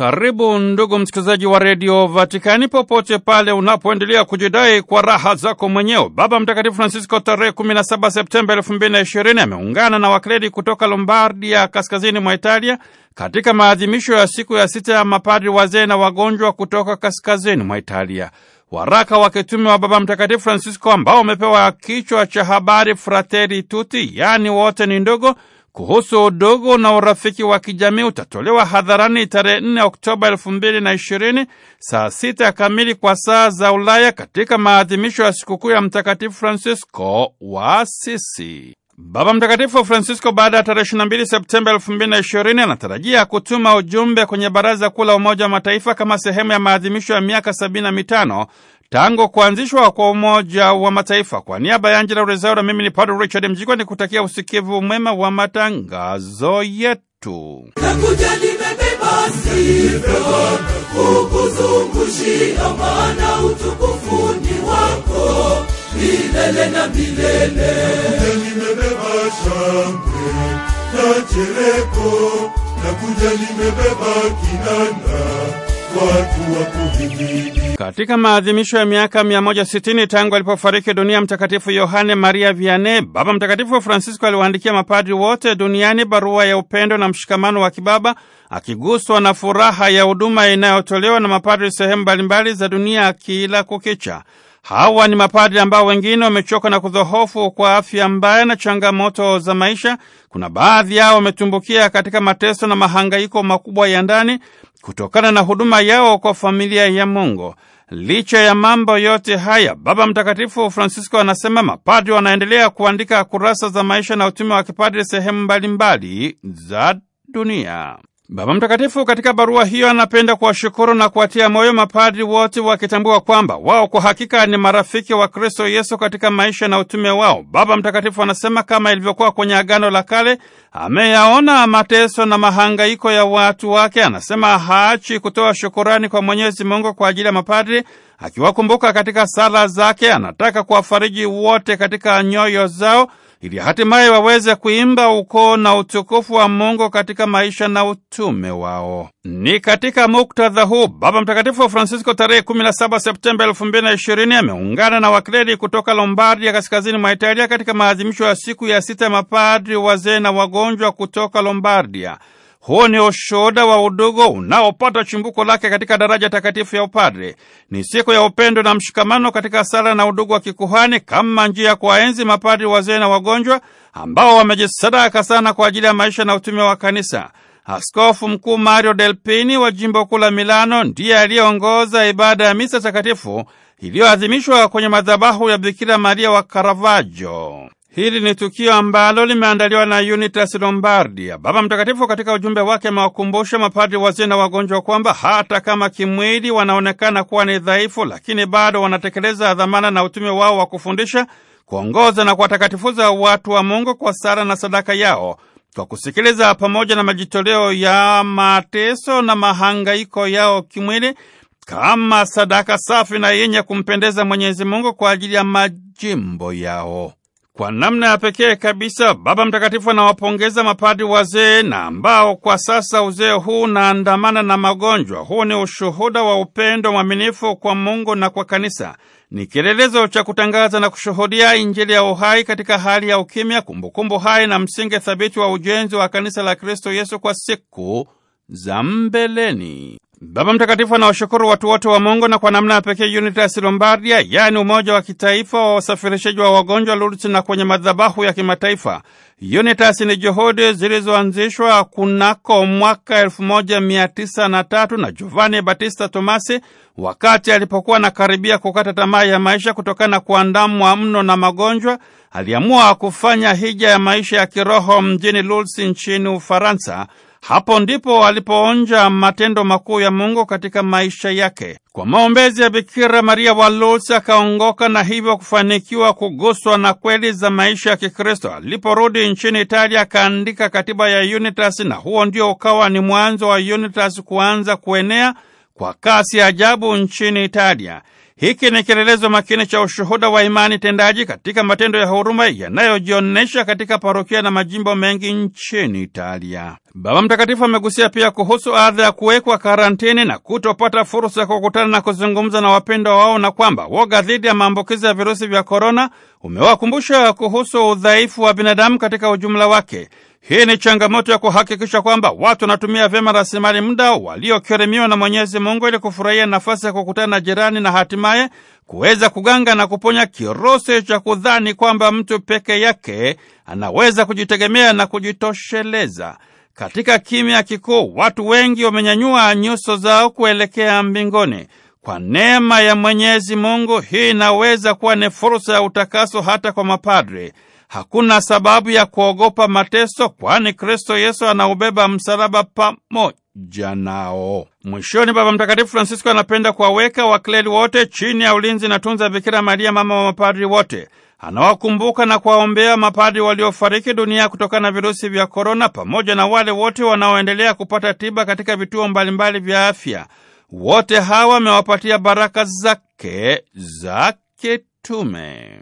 Karibu ndugu msikilizaji wa redio Vatikani popote pale unapoendelea kujidai kwa raha zako mwenyewe. Baba Mtakatifu Francisco tarehe 17 Septemba 2020 ameungana na wakledi kutoka Lombardia kaskazini mwa Italia katika maadhimisho ya siku ya sita ya mapadri wazee na wagonjwa kutoka kaskazini mwa Italia. Waraka wa kitume wa Baba Mtakatifu Francisco ambao umepewa kichwa cha habari frateri tuti yaani wote ni ndugu kuhusu udugu na urafiki wa kijamii utatolewa hadharani tarehe 4 Oktoba elfu mbili na ishirini saa sita kamili kwa saa za Ulaya katika maadhimisho ya sikukuu ya Mtakatifu Francisco wa Sisi. Baba Mtakatifu Francisco baada ya tarehe 22 Septemba 2020 anatarajia kutuma ujumbe kwenye Baraza Kuu la Umoja wa Mataifa kama sehemu ya maadhimisho ya miaka 75 tangu kuanzishwa kwa Umoja wa Mataifa. Kwa niaba ya Angela Rezaura, mimi ni Padre Richard Mjigwa ni kutakia usikivu mwema wa matangazo yetu. Nakuja kukuzungushia, maana utukufu wako milele na milele. Nimebeba shangwe na chereko, nakuja nimebeba kinanda watu wa kuhimidi. Katika maadhimisho ya miaka 160 tangu alipofariki dunia Mtakatifu Yohane Maria Vianney, Baba Mtakatifu Francisco aliwaandikia mapadri wote duniani barua ya upendo na mshikamano wa kibaba, akiguswa na furaha ya huduma inayotolewa na mapadri sehemu mbalimbali za dunia kila kukicha. Hawa ni mapadri ambao wengine wamechoka na kudhohofu kwa afya mbaya na changamoto za maisha. Kuna baadhi yao wametumbukia katika mateso na mahangaiko makubwa ya ndani kutokana na huduma yao kwa familia ya Mungu. Licha ya mambo yote haya, Baba Mtakatifu Francisco anasema mapadri wanaendelea kuandika kurasa za maisha na utume wa kipadri sehemu mbalimbali za dunia. Baba Mtakatifu katika barua hiyo anapenda kuwashukuru na kuwatia moyo mapadri wote, wakitambua kwamba wao kwa hakika ni marafiki wa Kristo Yesu katika maisha na utume wao. Baba Mtakatifu anasema kama ilivyokuwa kwenye Agano la Kale, ameyaona mateso na mahangaiko ya watu wake. Anasema haachi kutoa shukurani kwa Mwenyezi Mungu kwa ajili ya mapadri, akiwakumbuka katika sala zake. Anataka kuwafariji wote katika nyoyo zao ili hatimaye waweze kuimba ukoo na utukufu wa Mungu katika maisha na utume wao. Ni katika muktadha huu Baba Mtakatifu Francisco tarehe 17 Septemba 2020 ameungana na wakredi kutoka Lombardia kaskazini mwa Italia katika maadhimisho ya siku ya sita ya mapadri wazee na wagonjwa kutoka Lombardia. Huo ni ushuhuda wa udugu unaopata chimbuko lake katika daraja takatifu ya upadre. Ni siku ya upendo na mshikamano katika sala na udugu wa kikuhani, kama njia ya kuwaenzi mapadri wazee na wagonjwa ambao wamejisadaka sana kwa ajili ya maisha na utume wa kanisa. Askofu Mkuu Mario Delpini wa jimbo kuu la Milano ndiye aliyeongoza ibada ya misa takatifu iliyoadhimishwa kwenye madhabahu ya Bikira Maria wa Karavajo. Hili ni tukio ambalo limeandaliwa na Unitas Lombardia. Baba Mtakatifu katika ujumbe wake amewakumbusha mapadri wazee na wagonjwa kwamba hata kama kimwili wanaonekana kuwa ni dhaifu, lakini bado wanatekeleza dhamana na utume wao wa kufundisha, kuongoza na kuwatakatifuza watu wa Mungu kwa sala na sadaka yao, kwa kusikiliza pamoja na majitoleo ya mateso na mahangaiko yao kimwili kama sadaka safi na yenye kumpendeza Mwenyezi Mungu kwa ajili ya majimbo yao. Kwa namna ya pekee kabisa, Baba Mtakatifu anawapongeza mapadi wazee na ambao kwa sasa uzee huu unaandamana na magonjwa. Huu ni ushuhuda wa upendo mwaminifu kwa Mungu na kwa kanisa. Ni kielelezo cha kutangaza na kushuhudia Injili ya uhai katika hali ya ukimya, kumbukumbu hai na msingi thabiti wa ujenzi wa kanisa la Kristo Yesu kwa siku za mbeleni. Baba Mtakatifu anawashukuru watu wote wa Mungu na kwa namna ya pekee Unitas Lombardia, yaani umoja wa kitaifa wa wasafirishaji wa wagonjwa Lourdes na kwenye madhabahu ya kimataifa. Unitas ni juhudi zilizoanzishwa kunako mwaka 1903 na Giovanni Battista Tomasi wakati alipokuwa anakaribia kukata tamaa ya maisha kutokana na kuandamwa mno na magonjwa, aliamua kufanya hija ya maisha ya kiroho mjini Lourdes nchini Ufaransa hapo ndipo alipoonja matendo makuu ya Mungu katika maisha yake. Kwa maombezi ya Bikira Maria wa Lusi akaongoka na hivyo kufanikiwa kuguswa na kweli za maisha ya Kikristo. Aliporudi nchini Italia akaandika katiba ya Unitas, na huo ndio ukawa ni mwanzo wa Unitas kuanza kuenea kwa kasi ajabu nchini Italia. Hiki ni kielelezo makini cha ushuhuda wa imani tendaji katika matendo ya huruma yanayojionyesha katika parokia na majimbo mengi nchini Italia. Baba Mtakatifu amegusia pia kuhusu adha ya kuwekwa karantini na kutopata fursa ya kukutana na kuzungumza na wapendwa wao, na kwamba woga dhidi ya maambukizi ya virusi vya korona umewakumbusha kuhusu udhaifu wa binadamu katika ujumla wake. Hii ni changamoto ya kuhakikisha kwamba watu wanatumia vyema rasilimali muda waliokeremiwa na Mwenyezi Mungu ili kufurahia nafasi ya kukutana na jirani na hatimaye kuweza kuganga na kuponya kirusi cha kudhani kwamba mtu peke yake anaweza kujitegemea na kujitosheleza. Katika kimya kikuu, watu wengi wamenyanyua nyuso zao kuelekea mbinguni. Kwa neema ya Mwenyezi Mungu, hii inaweza kuwa ni fursa ya utakaso hata kwa mapadri. Hakuna sababu ya kuogopa mateso, kwani Kristo Yesu anaubeba msalaba pamoja nao. Mwishoni, Baba Mtakatifu Francisco anapenda kuwaweka wakleri wote chini ya ulinzi na tunza Bikira Maria, mama wa mapadri wote. Anawakumbuka na kuwaombea mapadri waliofariki dunia kutokana na virusi vya korona, pamoja na wale wote wanaoendelea kupata tiba katika vituo mbalimbali vya afya. Wote hawa amewapatia baraka zake za kitume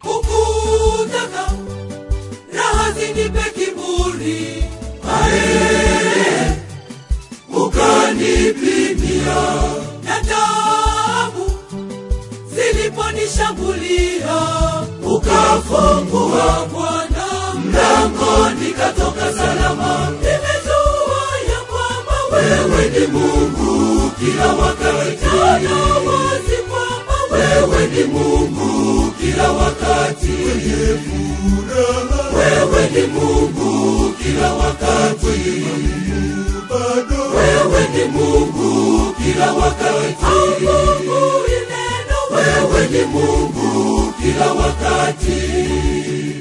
ukanipe kiburi ae ukanipimia na taabu ziliponishambulia ukafungua bwana mlango nikatoka salama nimejua ya kwamba wewe ni mungu kila wakati wazi kwamba wewe ni Mungu kila wakati wenye furaha, wewe ni Mungu kila wakati bado, wewe ni Mungu kila wakati wewe ni Mungu kila wakati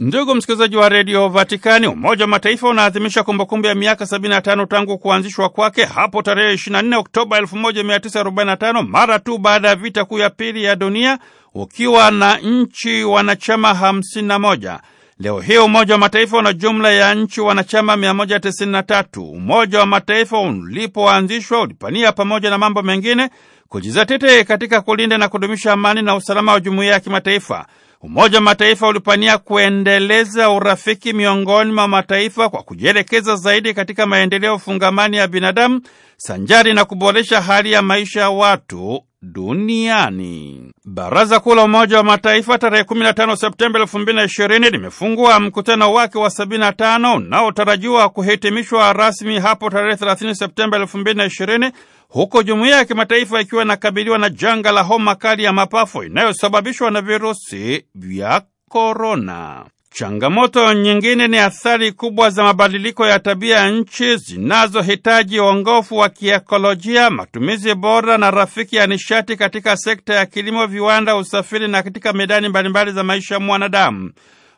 Ndugu msikilizaji wa redio Vatikani, Umoja wa Mataifa unaadhimisha kumbukumbu ya miaka 75 tangu kuanzishwa kwake hapo tarehe 24 Oktoba 1945 mara tu baada ya vita kuu ya pili ya dunia, ukiwa na nchi wanachama 51. Leo hii Umoja wa Mataifa una jumla ya nchi wanachama 193. Umoja wa Mataifa ulipoanzishwa ulipania, pamoja na mambo mengine, kujizatiti katika kulinda na kudumisha amani na usalama wa jumuiya ya kimataifa. Umoja wa Mataifa ulipania kuendeleza urafiki miongoni mwa mataifa kwa kujielekeza zaidi katika maendeleo fungamani ya binadamu sanjari na kuboresha hali ya maisha ya watu duniani. Baraza Kuu la Umoja wa Mataifa tarehe 15 Septemba 2020 limefungua mkutano wake wa 75 unaotarajiwa kuhitimishwa rasmi hapo tarehe 30 Septemba 2020 huku jumuiya ya kimataifa ikiwa inakabiliwa na janga la homa kali ya mapafu inayosababishwa na virusi vya korona. Changamoto nyingine ni athari kubwa za mabadiliko ya tabia ya nchi zinazohitaji uongofu wa kiekolojia, matumizi bora na rafiki ya nishati katika sekta ya kilimo, viwanda, usafiri na katika medani mbalimbali za maisha ya mwanadamu.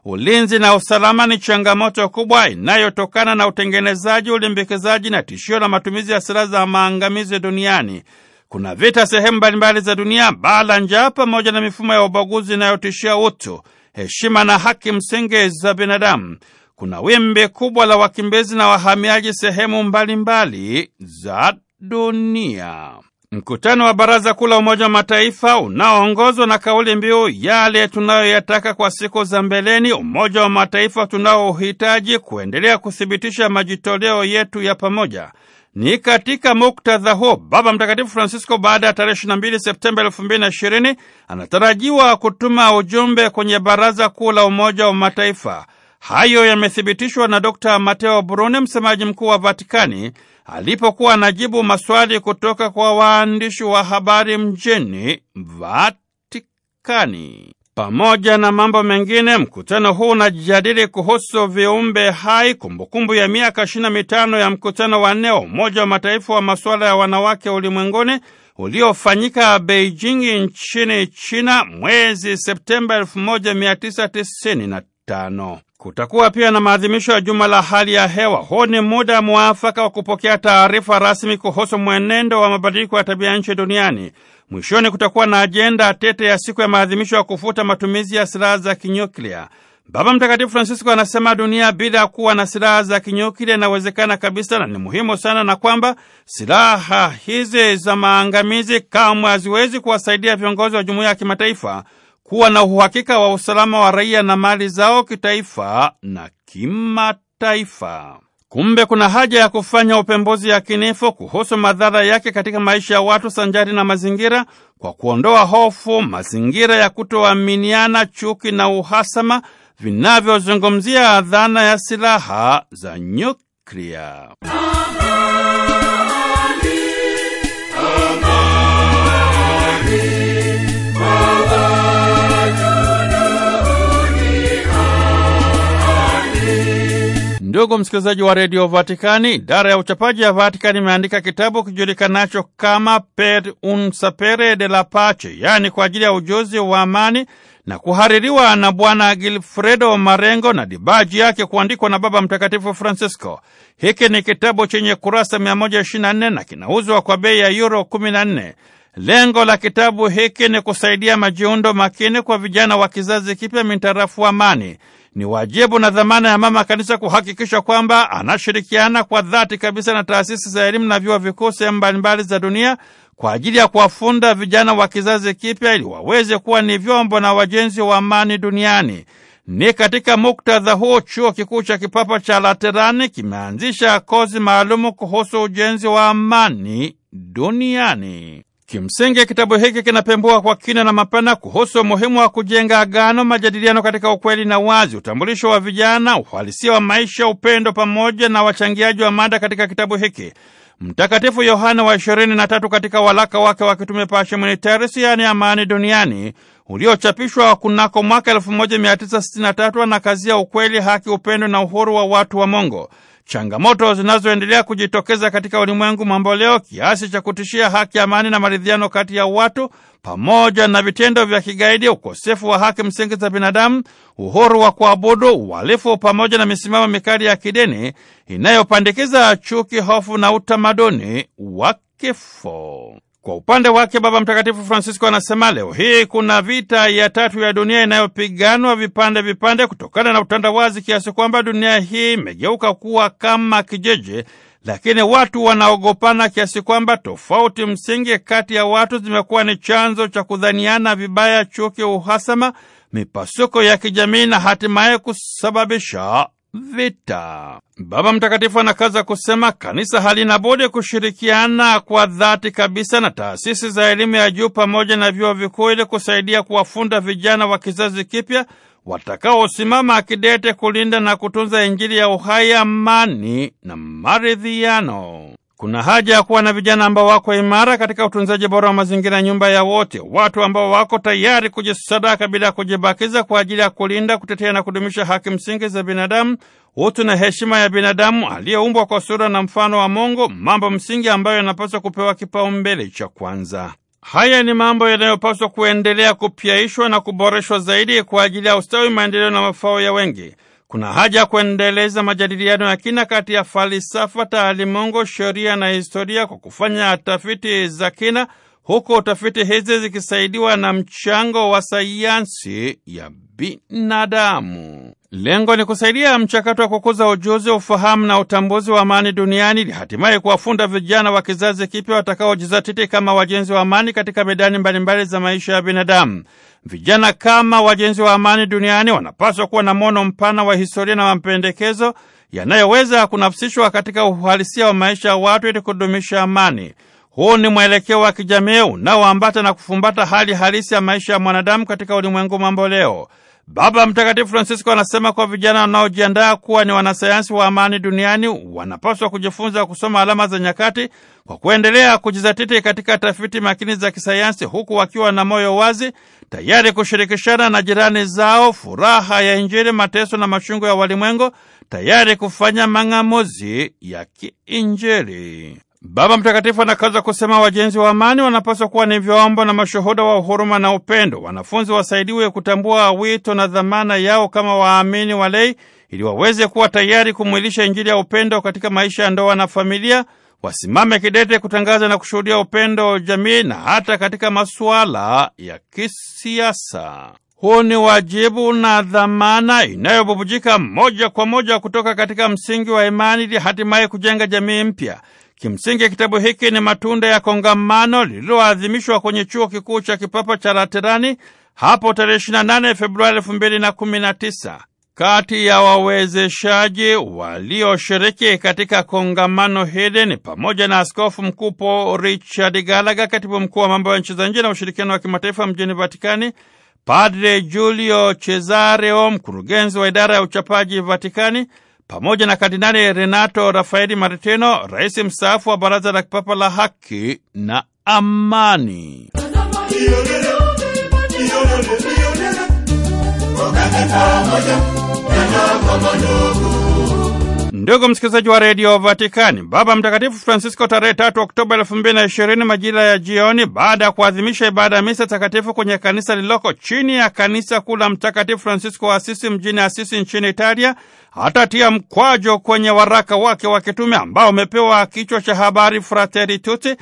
Ulinzi na usalama ni changamoto kubwa inayotokana na utengenezaji, ulimbikizaji na tishio la matumizi ya silaha za maangamizi duniani. Kuna vita sehemu mbalimbali za dunia, baa la njaa, pamoja na mifumo ya ubaguzi inayotishia utu heshima na haki msingi za binadamu. Kuna wimbi kubwa la wakimbizi na wahamiaji sehemu mbalimbali mbali za dunia. Mkutano wa Baraza Kuu la Umoja wa Mataifa unaoongozwa na kauli mbiu yale tunayoyataka kwa siku za mbeleni, Umoja wa Mataifa tunaohitaji, kuendelea kuthibitisha majitoleo yetu ya pamoja. Ni katika muktadha huo Baba Mtakatifu Francisco baada ya tarehe 22 Septemba 2020 anatarajiwa kutuma ujumbe kwenye Baraza Kuu la Umoja wa Mataifa. Hayo yamethibitishwa na Dr. mateo Brune, msemaji mkuu wa Vatikani, alipokuwa anajibu maswali kutoka kwa waandishi wa habari mjini Vatikani. Pamoja na mambo mengine, mkutano huu unajadili kuhusu viumbe hai, kumbukumbu ya miaka ishirini na mitano ya mkutano wa nne wa Umoja wa Mataifa wa masuala ya wanawake ulimwenguni uliofanyika Beijing nchini China mwezi Septemba 1995. Kutakuwa pia na maadhimisho ya juma la hali ya hewa. Huu ni muda mwafaka wa kupokea taarifa rasmi kuhusu mwenendo wa mabadiliko ya tabia nchi duniani. Mwishoni kutakuwa na ajenda tete ya siku ya maadhimisho ya kufuta matumizi ya silaha za kinyuklia. Baba Mtakatifu Francisco anasema dunia bila kuwa na silaha za kinyuklia inawezekana kabisa na ni muhimu sana, na kwamba silaha hizi za maangamizi kamwe haziwezi kuwasaidia viongozi wa jumuiya ya kimataifa kuwa na uhakika wa usalama wa raia na mali zao kitaifa na kimataifa. Kumbe kuna haja ya kufanya upembuzi yakinifu kuhusu madhara yake katika maisha ya watu sanjari na mazingira, kwa kuondoa hofu, mazingira ya kutoaminiana, chuki na uhasama vinavyozungumzia dhana ya silaha za nyuklia. Ndugu msikilizaji wa redio Vatikani, idara ya uchapaji ya Vatikani imeandika kitabu kijulikanacho kama Per un sapere de la pace, yaani kwa ajili ya ujuzi wa amani, na kuhaririwa na Bwana Gilfredo Marengo na dibaji yake kuandikwa na Baba Mtakatifu Francisco. Hiki ni kitabu chenye kurasa 124 na kinauzwa kwa bei ya euro 14. Lengo la kitabu hiki ni kusaidia majiundo makini kwa vijana wa kizazi kipya mintarafu amani. Ni wajibu na dhamana ya mama kanisa kuhakikisha kwamba anashirikiana kwa dhati kabisa na taasisi za elimu na vyuo vikuu sehemu mbalimbali za dunia kwa ajili ya kuwafunda vijana wa kizazi kipya ili waweze kuwa ni vyombo na wajenzi wa amani duniani. Ni katika muktadha huo chuo kikuu cha kipapa cha Laterani kimeanzisha kozi maalumu kuhusu ujenzi wa amani duniani. Kimsingi kitabu hiki kinapembua kwa kina na mapana kuhusu umuhimu wa kujenga agano, majadiliano katika ukweli na wazi, utambulisho wa vijana, uhalisia wa maisha, upendo, pamoja na wachangiaji wa mada katika kitabu hiki. Mtakatifu Yohana wa 23 katika walaka wake wa kitume Pashemini Terisi, yaani amani duniani, uliochapishwa kunako mwaka 1963 anakazia ukweli, haki, upendo na uhuru wa watu wa Mungu changamoto zinazoendelea kujitokeza katika ulimwengu mamboleo kiasi cha kutishia haki, amani na maridhiano kati ya watu, pamoja na vitendo vya kigaidi, ukosefu wa haki msingi za binadamu, uhuru wa kuabudu, uhalifu, pamoja na misimamo mikali ya kidini inayopandikiza chuki, hofu na utamaduni wa kifo. Kwa upande wake Baba Mtakatifu Francisco anasema leo hii kuna vita ya tatu ya dunia inayopiganwa vipande vipande kutokana na utandawazi kiasi kwamba dunia hii imegeuka kuwa kama kijiji, lakini watu wanaogopana kiasi kwamba tofauti msingi kati ya watu zimekuwa ni chanzo cha kudhaniana vibaya, chuki, uhasama, mipasuko ya kijamii na hatimaye kusababisha vita. Baba Mtakatifu anakaza kusema kanisa halina budi kushirikiana kwa dhati kabisa na taasisi za elimu ya juu pamoja na vyuo vikuu ili kusaidia kuwafunda vijana wa kizazi kipya watakaosimama akidete kulinda na kutunza Injili ya uhai, amani na maridhiano. Kuna haja ya kuwa na vijana ambao wako imara katika utunzaji bora wa mazingira, nyumba ya wote, watu ambao wako tayari kujisadaka bila ya kujibakiza kwa ajili ya kulinda, kutetea na kudumisha haki msingi za binadamu, utu na heshima ya binadamu aliyeumbwa kwa sura na mfano wa Mungu, mambo msingi ambayo yanapaswa kupewa kipaumbele cha kwanza. Haya ni mambo yanayopaswa kuendelea kupyaishwa na kuboreshwa zaidi kwa ajili ya ustawi, maendeleo na mafao ya wengi. Kuna haja ya kuendeleza majadiliano ya kina kati ya falsafa, taalimungu, sheria na historia kwa kufanya tafiti za kina, huku tafiti hizi zikisaidiwa na mchango wa sayansi ya binadamu. Lengo ni kusaidia mchakato wa kukuza ujuzi, ufahamu na utambuzi wa amani duniani ili hatimaye kuwafunda vijana wa kizazi kipya watakaojizatiti kama wajenzi wa amani katika medani mbalimbali za maisha ya binadamu. Vijana kama wajenzi wa amani duniani wanapaswa kuwa na mono mpana wa historia na mapendekezo yanayoweza kunafsishwa katika uhalisia wa maisha ya watu ili kudumisha amani. Huu ni mwelekeo wa kijamii unaoambata na kufumbata hali halisi ya maisha ya mwanadamu katika ulimwengu mamboleo leo. Baba Mtakatifu Francisco anasema kuwa vijana wanaojiandaa kuwa ni wanasayansi wa amani duniani wanapaswa kujifunza kusoma alama za nyakati kwa kuendelea kujizatiti katika tafiti makini za kisayansi, huku wakiwa na moyo wazi, tayari kushirikishana na jirani zao furaha ya Injili, mateso na machungu ya walimwengu, tayari kufanya mang'amuzi ya kiinjili. Baba Mtakatifu anakaza kusema wajenzi wa amani wanapaswa kuwa ni vyombo na mashuhuda wa huruma na upendo. Wanafunzi wasaidiwe kutambua wito na dhamana yao kama waamini walei, ili waweze kuwa tayari kumwilisha Injili ya upendo katika maisha ya ndoa na familia. Wasimame kidete kutangaza na kushuhudia upendo wa jamii na hata katika masuala ya kisiasa. Huu ni wajibu na dhamana inayobubujika moja kwa moja kutoka katika msingi wa imani ili hatimaye kujenga jamii mpya. Kimsingi kitabu hiki ni matunda ya kongamano lililoadhimishwa kwenye chuo kikuu cha kipapa cha Laterani hapo tarehe 28 Februari 2019. Kati ya wawezeshaji walioshiriki katika kongamano hili ni pamoja na askofu mkuu Paul Richard Gallagher, katibu mkuu wa mambo ya nchi za nje na ushirikiano wa kimataifa mjini Vatikani, Padre Julio Cesareo, mkurugenzi wa idara ya uchapaji Vatikani, pamoja na Kardinali Renato Rafaeli Martino, rais mstaafu wa Baraza la Kipapa la Haki na Amani. Ndugu msikilizaji wa redio Vatikani, Baba Mtakatifu Francisco tarehe tatu Oktoba elfu mbili na ishirini majira ya jioni, baada ya kuadhimisha ibada ya misa takatifu kwenye kanisa lililoko chini ya kanisa kuu la Mtakatifu Francisco wa Asisi mjini Asisi nchini Italia, atatia mkwajo kwenye waraka wake wa kitume ambao umepewa kichwa cha habari Fratelli Tutti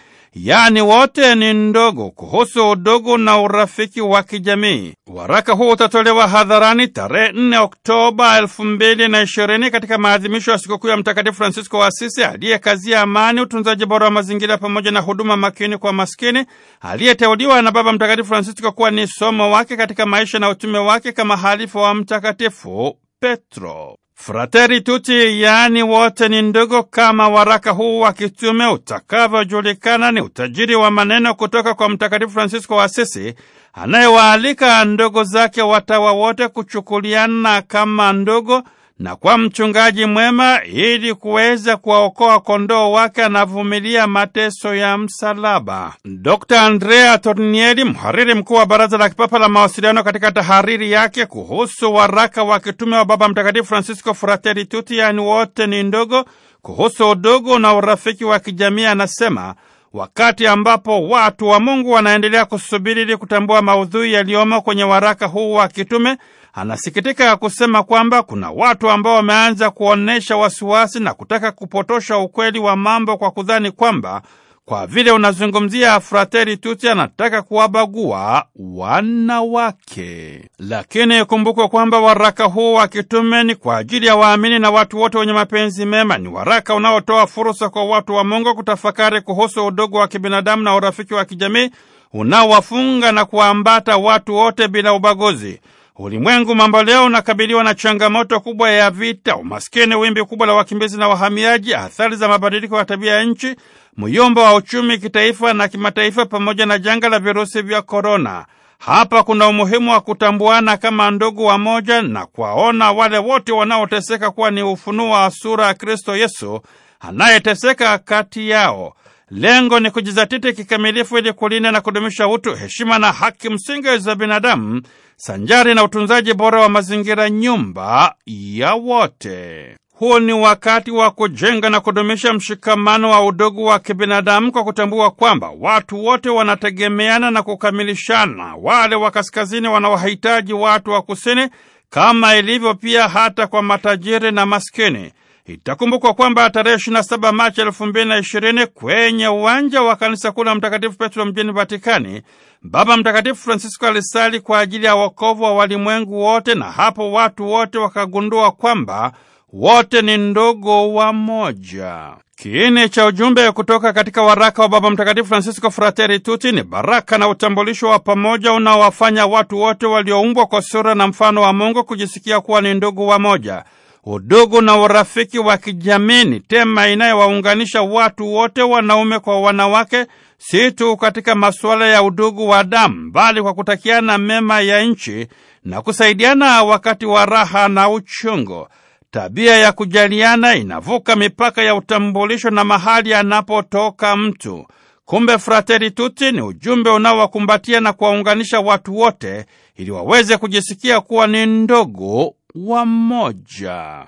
yaani wote ni ndogo, kuhusu udugu na urafiki wa kijamii. Waraka huu utatolewa hadharani tarehe 4 Oktoba 2020 katika maadhimisho ya sikukuu ya Mtakatifu Francisco wa Asisi, aliyekazia amani, utunzaji bora wa mazingira pamoja na huduma makini kwa maskini, aliyeteuliwa na Baba Mtakatifu Francisco kuwa ni somo wake katika maisha na utume wake kama halifa wa Mtakatifu Petro. Frateri Tuti, yaani wote ni ndugu, kama waraka huu wa kitume utakavyojulikana, ni utajiri wa maneno kutoka kwa Mtakatifu Fransisko wa Asisi anayewaalika ndugu zake watawa wote kuchukuliana kama ndugu na kwa mchungaji mwema ili kuweza kuwaokoa kondoo wake anavumilia mateso ya msalaba. Dr. Andrea tornieli mhariri mkuu wa Baraza la Kipapa la Mawasiliano, katika tahariri yake kuhusu waraka wa kitume wa Baba Mtakatifu Francisco Fratelli Tutti, yaani wote ni ndogo kuhusu udugu na urafiki wa kijamii anasema Wakati ambapo watu wa Mungu wanaendelea kusubiri ili kutambua maudhui yaliyomo kwenye waraka huu wa kitume, Anasikitika kusema kwamba kuna watu ambao wameanza kuonyesha wasiwasi na kutaka kupotosha ukweli wa mambo kwa kudhani kwamba kwa vile unazungumzia Frateri Tuti anataka kuwabagua wanawake. Lakini kumbukwe kwamba waraka huu wa kitume ni kwa ajili ya waamini na watu wote wenye mapenzi mema. Ni waraka unaotoa fursa kwa watu wa Mungu kutafakari kuhusu udugu wa kibinadamu na urafiki wa kijamii unaowafunga na kuwaambata watu wote bila ubaguzi. Ulimwengu mambo leo unakabiliwa na changamoto kubwa ya vita, umaskini, wimbi kubwa la wakimbizi na wahamiaji, athari za mabadiliko ya tabia ya nchi, myumba wa uchumi kitaifa na kimataifa, pamoja na janga la virusi vya korona. Hapa kuna umuhimu wa kutambuana kama ndugu wa moja na kuwaona wale wote wanaoteseka kuwa ni ufunuo wa sura ya Kristo Yesu anayeteseka kati yao. Lengo ni kujizatiti kikamilifu ili kulinda na kudumisha utu, heshima na haki msingi za binadamu sanjari na utunzaji bora wa mazingira, nyumba ya wote. Huu ni wakati wa kujenga na kudumisha mshikamano wa udugu wa kibinadamu kwa kutambua kwamba watu wote wanategemeana na kukamilishana. Wale wa kaskazini wanawahitaji watu wa kusini, kama ilivyo pia hata kwa matajiri na maskini. Itakumbukwa kwamba tarehe 27 Machi 2020 kwenye uwanja wa kanisa kuu la Mtakatifu Petro mjini Vatikani, Baba Mtakatifu Francisco alisali kwa ajili ya wokovu wa walimwengu wote, na hapo watu wote wakagundua kwamba wote ni ndugu wamoja. Kiini cha ujumbe kutoka katika waraka wa Baba Mtakatifu Francisco frateri tuti ni baraka na utambulisho wa pamoja unaowafanya watu wote walioumbwa kwa sura na mfano wa Mungu kujisikia kuwa ni ndugu wamoja udugu na urafiki wa kijamii ni tema inayowaunganisha watu wote, wanaume kwa wanawake, si tu katika masuala ya udugu wa damu, bali kwa kutakiana mema ya nchi na kusaidiana wakati wa raha na uchungu. Tabia ya kujaliana inavuka mipaka ya utambulisho na mahali anapotoka mtu. Kumbe frateri tuti ni ujumbe unaowakumbatia na kuwaunganisha watu wote ili waweze kujisikia kuwa ni ndugu wa mmoja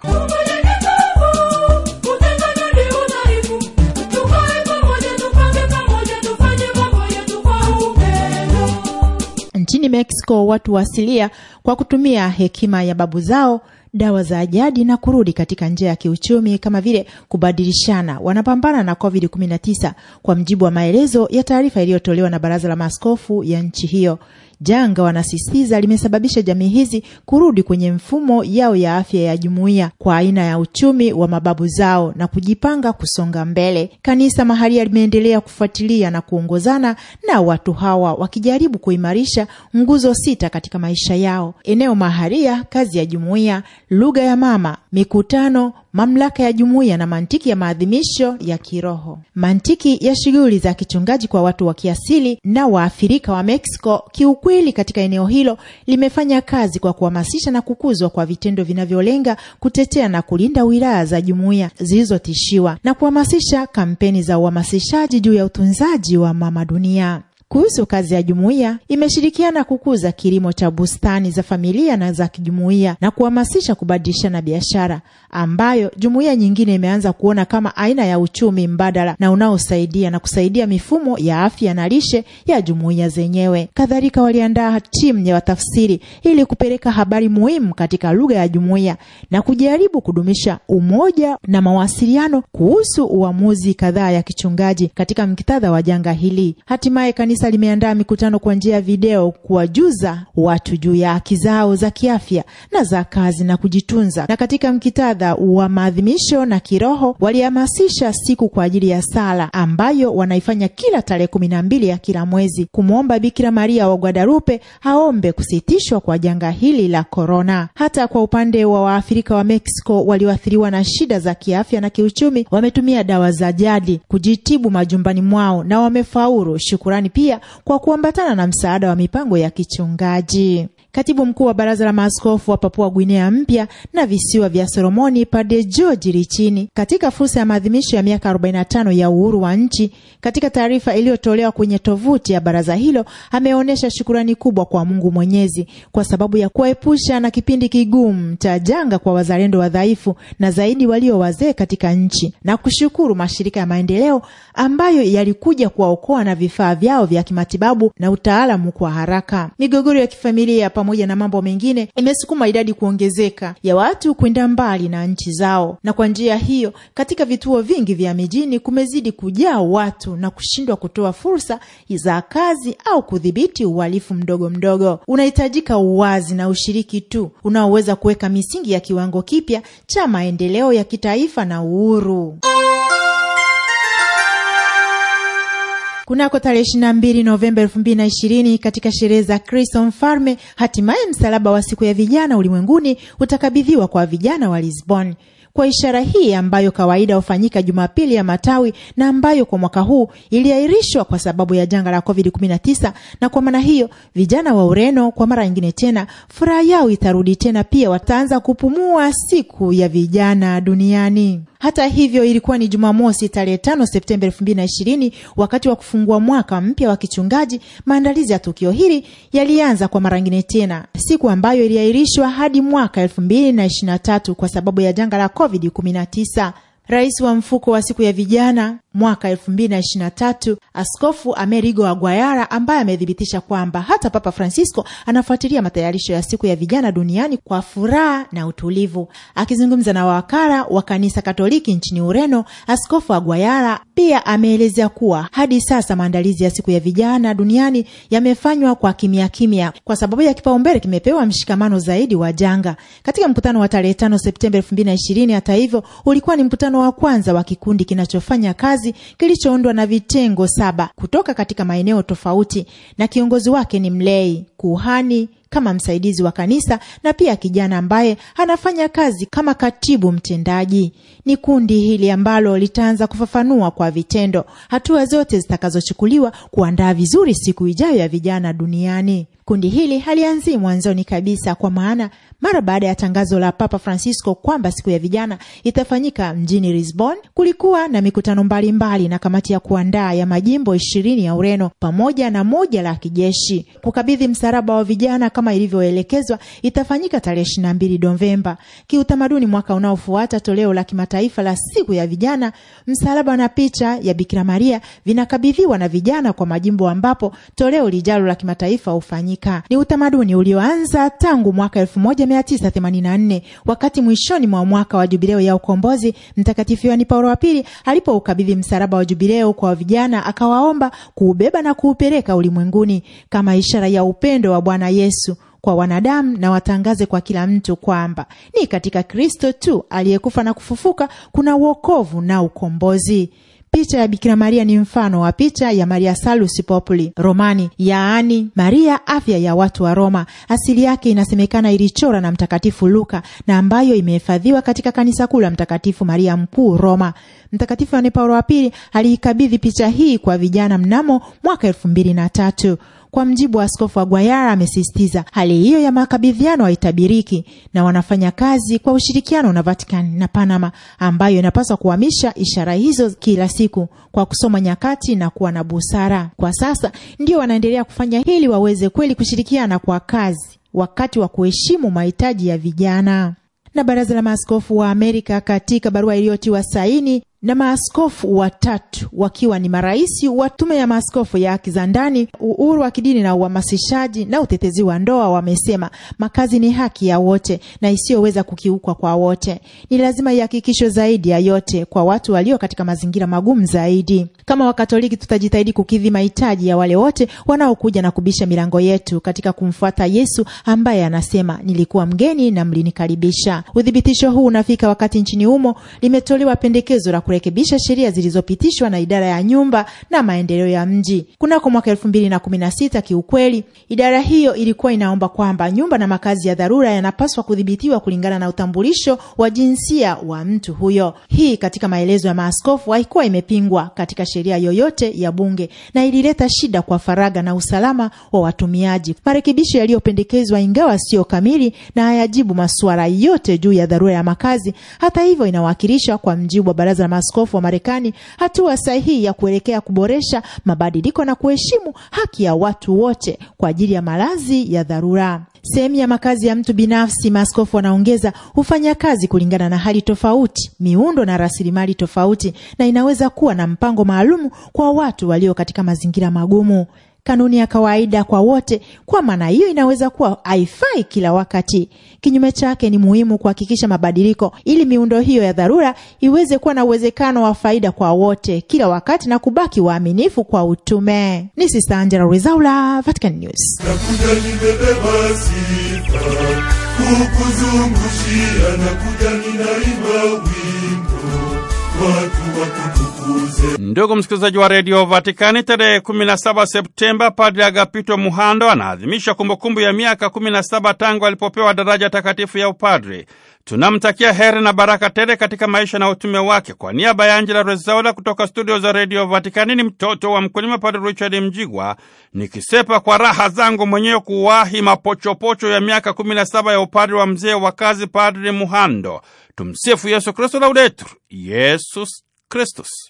Nchini Mexico watu waasilia kwa kutumia hekima ya babu zao dawa za ajadi na kurudi katika njia ya kiuchumi kama vile kubadilishana, wanapambana na COVID-19 kwa mjibu wa maelezo ya taarifa iliyotolewa na baraza la maaskofu ya nchi hiyo. Janga, wanasisitiza, limesababisha jamii hizi kurudi kwenye mfumo yao ya afya ya jumuiya kwa aina ya uchumi wa mababu zao na kujipanga kusonga mbele. Kanisa mahalia limeendelea kufuatilia na kuongozana na watu hawa wakijaribu kuimarisha nguzo sita katika maisha yao: eneo maharia, kazi ya jumuiya, lugha ya mama, mikutano mamlaka ya jumuiya na mantiki ya maadhimisho ya kiroho, mantiki ya shughuli za kichungaji kwa watu wa kiasili na Waafrika wa Mexico. Kiukweli kweli katika eneo hilo limefanya kazi kwa kuhamasisha na kukuzwa kwa vitendo vinavyolenga kutetea na kulinda wilaya za jumuiya zilizotishiwa na kuhamasisha kampeni za uhamasishaji juu ya utunzaji wa mama dunia. Kuhusu kazi ya jumuiya, imeshirikiana kukuza kilimo cha bustani za familia na za kijumuiya na kuhamasisha kubadilishana biashara, ambayo jumuiya nyingine imeanza kuona kama aina ya uchumi mbadala na unaosaidia na kusaidia mifumo ya afya na lishe ya jumuiya zenyewe. Kadhalika, waliandaa timu ya watafsiri ili kupeleka habari muhimu katika lugha ya jumuiya na kujaribu kudumisha umoja na mawasiliano kuhusu uamuzi kadhaa ya kichungaji katika mkitadha wa janga hili. Hatimaye, kanisa limeandaa mikutano kwa njia ya video kuwajuza watu juu ya haki zao za kiafya na za kazi na kujitunza, na katika mkitadha muktadha wa maadhimisho na kiroho walihamasisha siku kwa ajili ya sala ambayo wanaifanya kila tarehe kumi na mbili ya kila mwezi kumwomba Bikira Maria wa Guadalupe aombe kusitishwa kwa janga hili la korona. Hata kwa upande wa Waafrika wa Mexico walioathiriwa na shida za kiafya na kiuchumi, wametumia dawa za jadi kujitibu majumbani mwao na wamefaulu. Shukurani pia kwa kuambatana na msaada wa mipango ya kichungaji. Katibu mkuu wa Baraza la Maaskofu wa Papua Guinea Mpya na visiwa vya Solomon ni Padre George Richini katika fursa ya maadhimisho ya miaka 45 ya uhuru wa nchi. Katika taarifa iliyotolewa kwenye tovuti ya baraza hilo, ameonyesha shukurani kubwa kwa Mungu Mwenyezi kwa sababu ya kuwaepusha na kipindi kigumu cha janga kwa wazalendo wadhaifu na zaidi walio wazee katika nchi, na kushukuru mashirika ya maendeleo ambayo yalikuja kuwaokoa na vifaa vyao vya kimatibabu na utaalamu kwa haraka. Migogoro ya kifamilia pamoja na mambo mengine imesukuma idadi kuongezeka ya watu kwenda mbali na na nchi zao, na kwa njia hiyo katika vituo vingi vya mijini kumezidi kujaa watu na kushindwa kutoa fursa za kazi au kudhibiti uhalifu mdogo mdogo. Unahitajika uwazi na ushiriki tu unaoweza kuweka misingi ya kiwango kipya cha maendeleo ya kitaifa na uhuru. Kunako tarehe 22 Novemba 2020 katika sherehe za Kristo Mfalme, hatimaye msalaba wa siku ya vijana ulimwenguni utakabidhiwa kwa vijana wa Lisbon. Kwa ishara hii ambayo kawaida hufanyika Jumapili ya Matawi na ambayo kwa mwaka huu iliahirishwa kwa sababu ya janga la COVID-19, na kwa maana hiyo vijana wa Ureno kwa mara nyingine tena furaha yao itarudi tena, pia wataanza kupumua siku ya vijana duniani. Hata hivyo, ilikuwa ni Jumamosi tarehe tano Septemba elfu mbili na ishirini wakati wa kufungua mwaka mpya wa kichungaji. Maandalizi ya tukio hili yalianza kwa mara ngine tena, siku ambayo iliahirishwa hadi mwaka elfu mbili na na tatu kwa sababu ya janga la COVID 19. Rais wa mfuko wa siku ya vijana mwaka 2023 Askofu Amerigo Aguayara, ambaye amethibitisha kwamba hata Papa Francisco anafuatilia matayarisho ya siku ya vijana duniani kwa furaha na utulivu. Akizungumza na wawakala wa kanisa Katoliki nchini Ureno, Askofu Aguayara pia ameelezea kuwa hadi sasa maandalizi ya siku ya vijana duniani yamefanywa kwa kimya kimya, kwa sababu ya kipaumbele kimepewa mshikamano zaidi wa janga. Katika mkutano wa tarehe 5 Septemba 2020, hata hivyo, ulikuwa ni mkutano mkutano wa kwanza wa kikundi kinachofanya kazi kilichoundwa na vitengo saba kutoka katika maeneo tofauti, na kiongozi wake ni mlei kuhani kama msaidizi wa kanisa na pia kijana ambaye anafanya kazi kama katibu mtendaji. Ni kundi hili ambalo litaanza kufafanua kwa vitendo hatua zote zitakazochukuliwa kuandaa vizuri siku ijayo ya vijana duniani. Kundi hili halianzii mwanzoni kabisa, kwa maana mara baada ya tangazo la Papa Francisco kwamba siku ya vijana itafanyika mjini Lisbon, kulikuwa na mikutano mbalimbali mbali na kamati ya kuandaa ya majimbo ishirini ya Ureno pamoja na moja la kijeshi. Kukabidhi msalaba wa vijana kama ilivyoelekezwa itafanyika tarehe ishirini na mbili Novemba. Kiutamaduni, mwaka unaofuata toleo la kimataifa la siku ya vijana, msalaba na picha ya Bikira Maria vinakabidhiwa na vijana kwa majimbo ambapo toleo lijalo la kimataifa hufanyika. Ni utamaduni ulioanza tangu mwaka elfu moja 1984 wakati mwishoni mwa mwaka wa jubileo ya ukombozi Mtakatifu Yohane Paulo wa Pili alipoukabidhi msalaba wa jubileo kwa vijana, akawaomba kuubeba na kuupeleka ulimwenguni kama ishara ya upendo wa Bwana Yesu kwa wanadamu na watangaze kwa kila mtu kwamba ni katika Kristo tu aliyekufa na kufufuka kuna uokovu na ukombozi. Picha ya Bikira Maria ni mfano wa picha ya Maria Salus Populi Romani, yaani Maria afya ya watu wa Roma. Asili yake inasemekana ilichora na Mtakatifu Luka na ambayo imehifadhiwa katika kanisa kuu la Mtakatifu Maria Mkuu Roma. Mtakatifu Yohane Paulo wa Pili aliikabidhi picha hii kwa vijana mnamo mwaka elfu mbili na tatu. Kwa mjibu wa askofu wa Gwayara, amesisitiza hali hiyo ya makabidhiano haitabiriki na wanafanya kazi kwa ushirikiano na Vatican na Panama, ambayo inapaswa kuhamisha ishara hizo kila siku kwa kusoma nyakati na kuwa na busara. Kwa sasa ndio wanaendelea kufanya hili waweze kweli kushirikiana kwa kazi wakati wa kuheshimu mahitaji ya vijana na Baraza la Maaskofu wa Amerika katika barua iliyotiwa saini na maaskofu watatu wakiwa ni marais wa tume ya maaskofu ya haki za ndani, uhuru wa kidini na uhamasishaji na utetezi wa ndoa, wamesema makazi ni haki ya wote na isiyoweza kukiukwa kwa wote. Ni lazima ihakikishwe zaidi ya yote kwa watu walio katika mazingira magumu zaidi. Kama Wakatoliki tutajitahidi kukidhi mahitaji ya wale wote wanaokuja na kubisha milango yetu katika kumfuata Yesu ambaye anasema, nilikuwa mgeni na mlinikaribisha. Uthibitisho huu unafika wakati nchini humo limetolewa pendekezo la kurekebisha sheria zilizopitishwa na idara ya nyumba na maendeleo ya mji kunako mwaka elfu mbili na kumi na sita. Kiukweli, idara hiyo ilikuwa inaomba kwamba nyumba na makazi ya dharura yanapaswa kudhibitiwa kulingana na utambulisho wa jinsia wa mtu huyo. Hii katika maelezo ya maaskofu haikuwa imepingwa katika sheria yoyote ya bunge na ilileta shida kwa faraga na usalama wa watumiaji. Marekebisho yaliyopendekezwa, ingawa siyo kamili na hayajibu masuala yote juu ya dharura ya makazi, hata hivyo inawakilisha kwa mjibu wa baraza la maaskofu wa Marekani hatua sahihi ya kuelekea kuboresha mabadiliko na kuheshimu haki ya watu wote kwa ajili ya malazi ya dharura. Sehemu ya makazi ya mtu binafsi, maaskofu wanaongeza, hufanya kazi kulingana na hali tofauti, miundo na rasilimali tofauti, na inaweza kuwa na mpango maalum kwa watu walio katika mazingira magumu kanuni ya kawaida kwa wote, kwa maana hiyo inaweza kuwa haifai kila wakati. Kinyume chake, ni muhimu kuhakikisha mabadiliko ili miundo hiyo ya dharura iweze kuwa na uwezekano wa faida kwa wote kila wakati na kubaki waaminifu kwa utume. Ni Sista Angela Rezaula, Vatican News. Kukuzungushia na kuja ninaimba wimbo watu Ndugu msikilizaji wa redio Vatikani, tarehe 17 Septemba, Padre Agapito Muhando anaadhimisha kumbukumbu ya miaka 17 tangu alipopewa daraja takatifu ya upadre. Tunamtakia heri na baraka tele katika maisha na utume wake. Kwa niaba ya Angela Rezaula kutoka studio za redio Vatikani, ni mtoto wa mkulima Padre Richard Mjigwa, nikisepa kwa raha zangu mwenyewe kuwahi mapochopocho ya miaka 17 ya upadre wa mzee wa kazi Padre Muhando. Tumsifu Yesu Kristu, Laudetur Yesus Kristus.